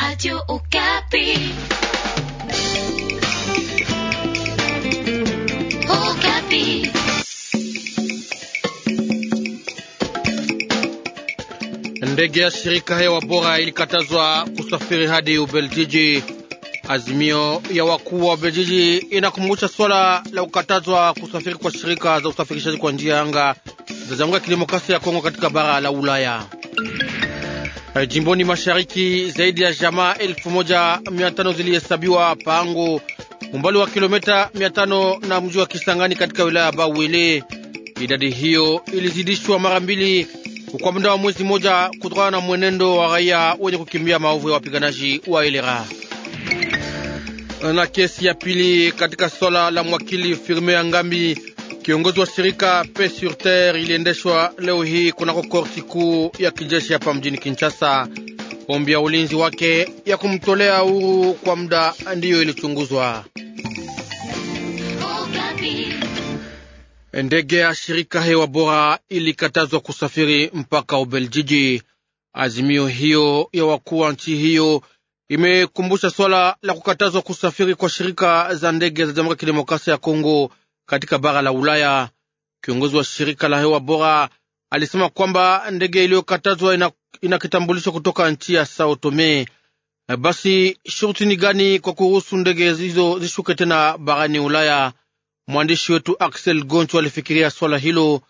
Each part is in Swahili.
Radio Okapi. Okapi. Ndege ya shirika hewa bora ilikatazwa kusafiri hadi Ubeljiji. Azimio ya wakuu wa Ubeljiji inakumbusha swala la kukatazwa kusafiri kwa shirika za usafirishaji kwa njia ya anga za Jamhuri ya Kidemokrasia ya Kongo katika bara la Ulaya. Eh, jimboni mashariki zaidi ya jamaa 1500 zilihesabiwa pango umbali wa kilometa 500 na mji wa Kisangani katika wilaya ya Bawele. Idadi hiyo ilizidishwa mara mbili kwa muda wa mwezi mmoja kutokana na mwenendo wa raia wenye kukimbia maovu ya wapiganaji wa Elera. Na kesi ya pili katika swala la mwakili Firme ya Ngambi Kiongozi wa shirika Paix sur Terre iliendeshwa leo hii kunako korti kuu ya kijeshi hapa mjini Kinshasa. Ombi ya ulinzi wake ya kumtolea uru kwa muda ndiyo ilichunguzwa. Ndege ya shirika hewa bora ilikatazwa kusafiri mpaka Ubeljiji. Azimio hiyo ya wakuu wa nchi hiyo imekumbusha swala la kukatazwa kusafiri kwa shirika za ndege za Jamhuri ya Kidemokrasia ya Kongo katika bara la Ulaya. Kiongozi wa shirika la hewa bora alisema kwamba ndege iliyokatazwa ina, ina kitambulisho kutoka nchi ya Sao Tome. E, basi shuruti ni gani kwa kuruhusu ndege hizo zishuke tena barani Ulaya? Mwandishi wetu Axel Goncho alifikiria swala hilo.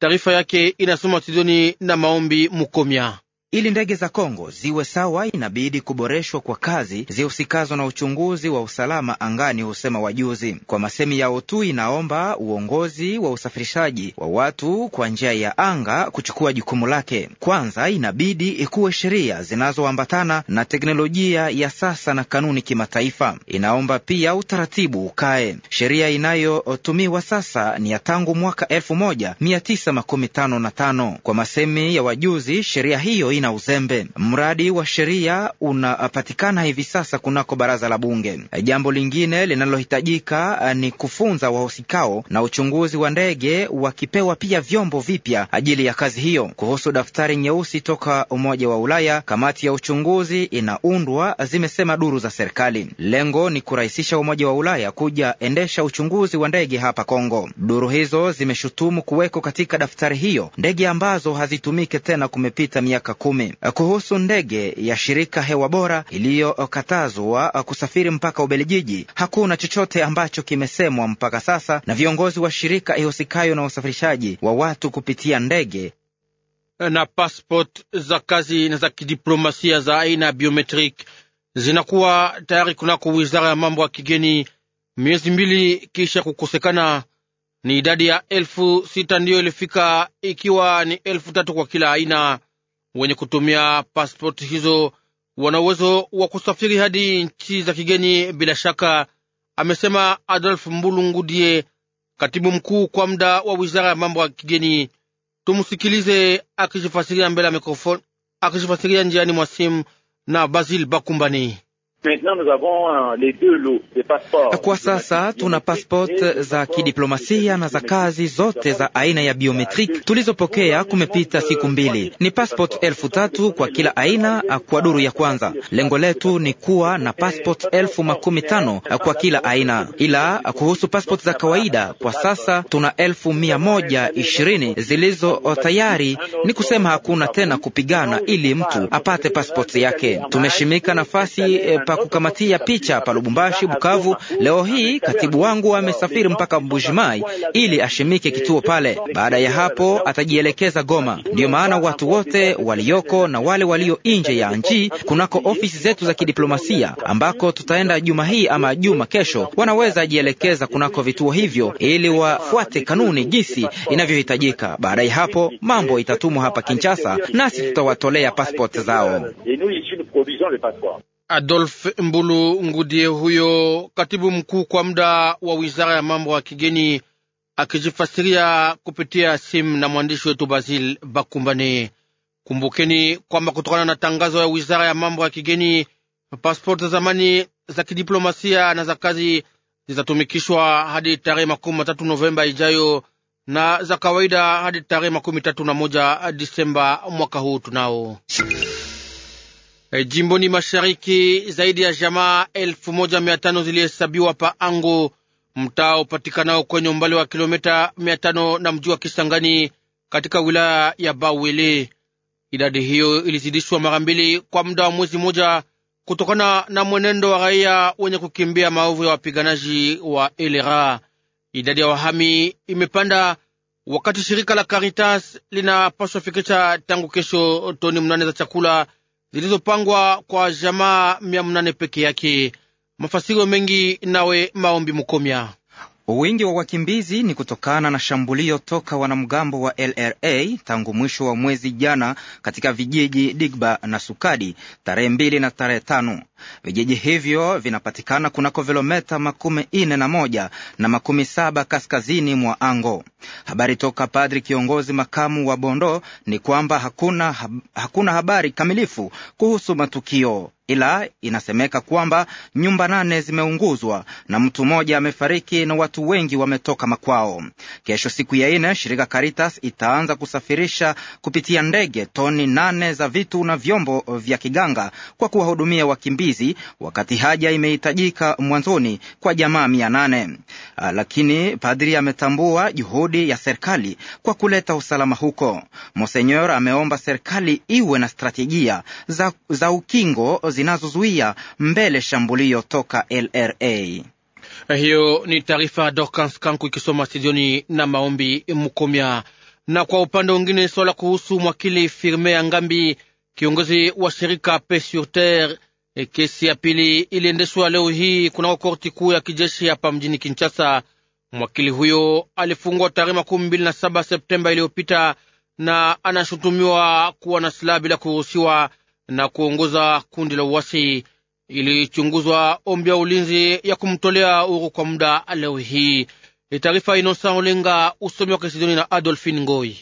Taarifa yake inasoma Tidoni na Maombi Mukomya. Ili ndege za Kongo ziwe sawa, inabidi kuboreshwa kwa kazi zihusikazo na uchunguzi wa usalama angani, husema wajuzi. Kwa masemi yao tu, inaomba uongozi wa usafirishaji wa watu kwa njia ya anga kuchukua jukumu lake. Kwanza inabidi ikuwe sheria zinazoambatana na teknolojia ya sasa na kanuni kimataifa. Inaomba pia utaratibu ukae. Sheria inayotumiwa sasa ni ya tangu mwaka 1955 Kwa masemi ya wajuzi, sheria hiyo na uzembe. Mradi wa sheria unapatikana hivi sasa kunako baraza la bunge. Jambo lingine linalohitajika eh, ni kufunza wahusikao na uchunguzi wa ndege, wakipewa pia vyombo vipya ajili ya kazi hiyo. Kuhusu daftari nyeusi toka Umoja wa Ulaya, kamati ya uchunguzi inaundwa, zimesema duru za serikali. Lengo ni kurahisisha Umoja wa Ulaya kuja endesha uchunguzi wa ndege hapa Kongo. Duru hizo zimeshutumu kuweko katika daftari hiyo ndege ambazo hazitumike tena kumepita miaka kumi kumi kuhusu ndege ya shirika hewa bora iliyokatazwa kusafiri mpaka Ubelgiji. Hakuna chochote ambacho kimesemwa mpaka sasa na viongozi wa shirika ihusikayo na usafirishaji wa watu kupitia ndege na passport za kazi na za kidiplomasia za aina ya biometriki zinakuwa tayari kunako wizara ya mambo ya kigeni miezi mbili kisha kukosekana. Ni idadi ya elfu sita ndiyo ilifika, ikiwa ni elfu tatu kwa kila aina wenye kutumia pasipoti hizo wana uwezo wa kusafiri hadi nchi za kigeni bila shaka, amesema Adolf Mbulungudie, katibu mkuu kwa muda wa wizara ya mambo ya kigeni. Tumsikilize akijifasiria mbele ya mikrofoni, akijifasiria njiani mwa simu na Basil Bakumbani. Euh, kwa sasa tuna passport za kidiplomasia na za kazi zote za aina ya biometrik tulizopokea. Kumepita siku mbili, ni passport elfu tatu kwa kila aina kwa duru ya kwanza. Lengo letu ni kuwa na passport elfu makumi tano kwa kila aina, ila kuhusu passport za kawaida kwa sasa tuna elfu mia moja ishirini zilizo tayari. Ni kusema hakuna tena kupigana ili mtu apate passport yake. Tumeshimika nafasi eh, pa kukamatia picha pa Lubumbashi, Bukavu. Leo hii katibu wangu amesafiri mpaka Mbujimai ili ashimike kituo pale. Baada ya hapo atajielekeza Goma. Ndiyo maana watu wote walioko na wale walio nje ya nchi kunako ofisi zetu za kidiplomasia ambako tutaenda juma hii ama juma kesho, wanaweza jielekeza kunako vituo hivyo ili wafuate kanuni jinsi inavyohitajika. Baada ya hapo mambo itatumwa hapa Kinshasa, nasi tutawatolea pasipoti zao. Adolf Mbulu Ngudie, huyo katibu mkuu kwa muda wa wizara ya mambo ya kigeni, akijifasiria kupitia simu na mwandishi wetu Basil Bakumbani. Kumbukeni kwamba kutokana na tangazo ya wizara ya mambo ya kigeni, pasipoti za zamani za kidiplomasia na za kazi zitatumikishwa hadi tarehe makumi matatu Novemba ijayo na za kawaida hadi tarehe makumi tatu na moja Disemba mwaka huu tunao E, jimboni mashariki zaidi ya jamaa elfu moja mia tano zilihesabiwa pa Ango, mtaa upatikanao kwenye umbali wa kilomita mia tano na mji wa Kisangani katika wilaya ya Bawele. Idadi hiyo ilizidishwa mara mbili kwa muda wa mwezi mmoja kutokana na mwenendo wa raia wenye kukimbia maovu ya wapiganaji wa Elera. Idadi ya wahami imepanda wakati shirika la Caritas linapaswa fikisha tangu kesho toni mnane za chakula zilizopangwa kwa jamaa mia mnane peke yake. Mafasiro mengi nawe maombi Mukomya. Wingi wa wakimbizi ni kutokana na shambulio toka wanamgambo wa LRA tangu mwisho wa mwezi jana katika vijiji Digba na Sukadi tarehe mbili na tarehe tano. Vijiji hivyo vinapatikana kunako vilometa makumi ine na moja na makumi saba kaskazini mwa Ango. Habari toka padri kiongozi makamu wa Bondo ni kwamba hakuna, hakuna habari kamilifu kuhusu matukio ila inasemeka kwamba nyumba nane zimeunguzwa na mtu mmoja amefariki na watu wengi wametoka makwao. Kesho siku ya ine shirika Caritas itaanza kusafirisha kupitia ndege toni nane za vitu na vyombo vya kiganga kwa kuwahudumia wakimbizi, wakati haja imehitajika mwanzoni kwa jamaa mia nane. Ah, lakini padri ametambua juhudi ya serikali kwa kuleta usalama huko. Monsenyor ameomba serikali iwe na stratejia za, za ukingo zinazozuia mbele shambulio toka LRA. Hiyo ni taarifa ya Dorcas Kanku ikisoma studioni na maombi Mkomya. Na kwa upande mwingine, swala kuhusu mwakili Firme ya Ngambi, kiongozi wa shirika Paix sur Terre. E, kesi ya pili iliendeshwa leo hii kunako korti kuu ya kijeshi hapa mjini Kinshasa. Mwakili huyo alifungwa tarehe makumi mbili na saba Septemba iliyopita na anashutumiwa kuwa na silaha bila kuruhusiwa na kuongoza kundi la uwasi, ilichunguzwa ombi ya ulinzi ya kumtolea uhuru kwa muda leo hii. Taarifa Inosa Olenga, usomi wa Kisidoni na Adolfin Ngoi.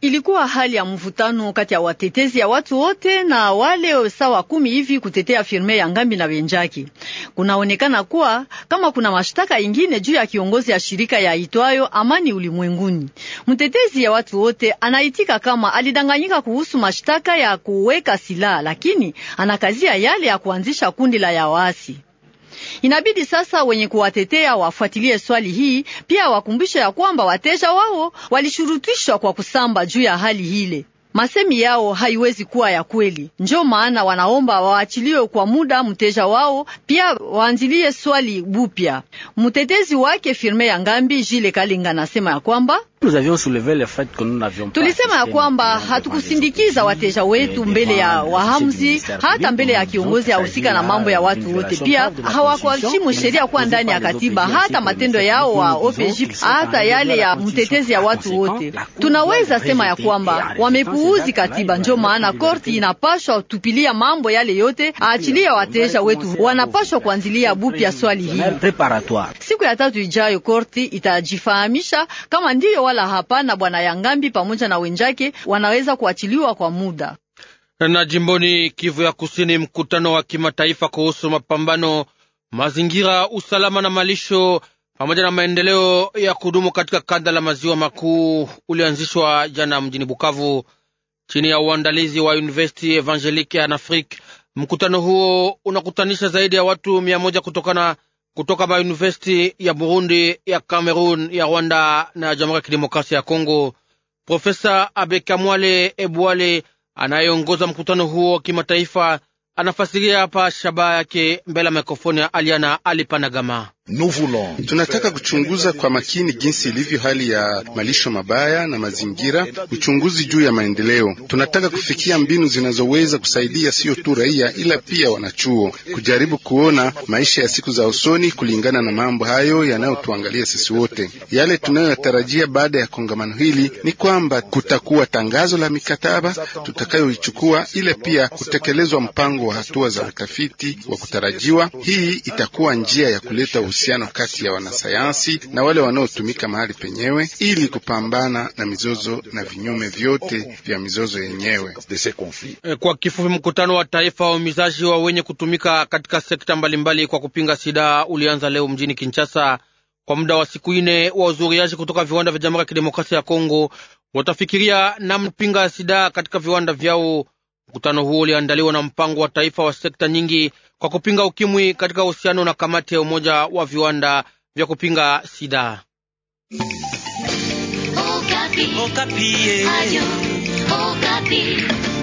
Ilikuwa hali ya mvutano kati ya watetezi ya watu wote na wale sawa kumi hivi kutetea firme ya Ngambi na Benjaki. Kunaonekana kuwa kama kuna mashtaka ingine juu ya kiongozi ya shirika ya itwayo Amani Ulimwenguni. Mtetezi ya watu wote anaitika kama alidanganyika kuhusu mashtaka ya kuweka silaha, lakini anakazia yale ya kuanzisha kundi la ya Inabidi sasa wenye kuwatetea wafuatilie swali hii, pia wakumbushe ya kwamba wateja wao walishurutishwa kwa kusamba juu ya hali hile. Masemi yao haiwezi kuwa ya kweli, njo maana wanaomba waachiliwe kwa muda mteja wao, pia waanzilie swali bupya. Mtetezi wake Firme ya Ngambi Jile Kalinga anasema ya kwamba Tulisema ya kwamba hatukusindikiza wateja wetu mbele ya wahamzi hata mbele ya kiongozi ahusika na mambo ya watu wote. Pia hawakuheshimu sheria kuwa ndani ya katiba, hata matendo yao wa OPJ, hata yale ya mtetezi ya watu wote. Tunaweza sema ya kwamba wamepuuzi katiba, njo maana korti inapashwa tupilia mambo yale yote, aachilia wateja wetu, wanapashwa kuanzilia bupya swali hili. Siku ya tatu ijayo korti itajifahamisha kama ndiyo wala hapana. Bwana Yangambi pamoja na wenzake wanaweza kuachiliwa kwa muda. Na jimboni Kivu ya Kusini, mkutano wa kimataifa kuhusu mapambano mazingira, usalama na malisho pamoja na maendeleo ya kudumu katika kanda la maziwa makuu ulianzishwa jana mjini Bukavu chini ya uandalizi wa University Evangelique en Afrique. Mkutano huo unakutanisha zaidi ya watu mia moja kutokana kutoka mayunivesiti ya Burundi, ya Kamerun, ya Rwanda na Jamhuri ya Kidemokrasia ya Kongo. Profesa Abekamwale Ebwale anayeongoza mkutano huo wa kimataifa anafasiria hapa shabaha yake mbele ya mikrofoni ya Aliana Alipanagama. Tunataka kuchunguza kwa makini jinsi ilivyo hali ya malisho mabaya na mazingira, uchunguzi juu ya maendeleo. Tunataka kufikia mbinu zinazoweza kusaidia sio tu raia, ila pia wanachuo, kujaribu kuona maisha ya siku za usoni kulingana na mambo hayo yanayotuangalia sisi wote. Yale tunayoyatarajia baada ya kongamano hili ni kwamba kutakuwa tangazo la mikataba tutakayoichukua, ila pia kutekelezwa mpango wa hatua za utafiti wa kutarajiwa. Hii itakuwa njia ya kuleta uhusiano kati ya wanasayansi na wale wanaotumika mahali penyewe ili kupambana na mizozo na vinyume vyote vya mizozo yenyewe. Eh, kwa kifupi, mkutano wa taifa wa umizaji wa wenye kutumika katika sekta mbalimbali kwa kupinga sida ulianza leo mjini Kinshasa kwa muda wa siku ine. Wahudhuriaji kutoka viwanda vya Jamhuri ya Kidemokrasia ya Kongo watafikiria na mpinga sida katika viwanda vyao. Mkutano huo uliandaliwa na mpango wa taifa wa sekta nyingi kwa kupinga ukimwi katika uhusiano na kamati ya umoja wa viwanda vya kupinga sida. Okapi. Okapi. Ayo. Okapi.